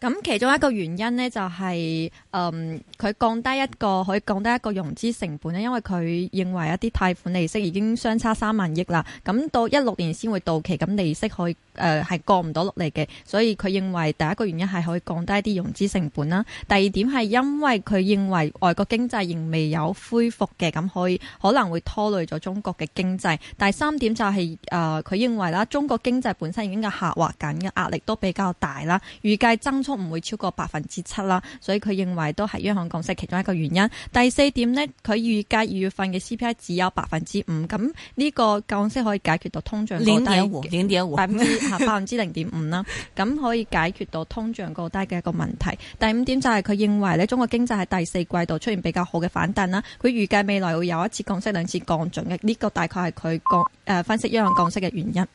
咁其中一個原因呢，就是，就係嗯佢降低一個可以降低一個融資成本，因為佢認為一啲貸款利息已經相差三萬億啦，咁到一六年先會到期，咁利息可以，誒係降唔到落嚟嘅，所以佢認為第一個原因係可以降低啲融資成本啦。第二點係因為佢認為外國經濟仍未有恢復嘅，咁可以可能會拖累咗中國嘅經濟。第三點就係誒佢認為啦，中國經濟本身已經嘅下滑緊嘅壓力都比較大啦，預計增速唔會超過百分之七啦，所以佢認為都係央行降息其中一個原因。第四點呢，佢預計二月份嘅 CPI 只有百分之五，咁呢個降息可以解決到通脹零點五，零點五，百分之零點五啦，咁可以解決到通脹過低嘅一個問題。第五點就係佢認為咧，中國經濟喺第四季度出現比較好嘅反彈啦。佢預計未來會有一次降息、兩次降準嘅，呢個大概係佢降誒分析央行降息嘅原因。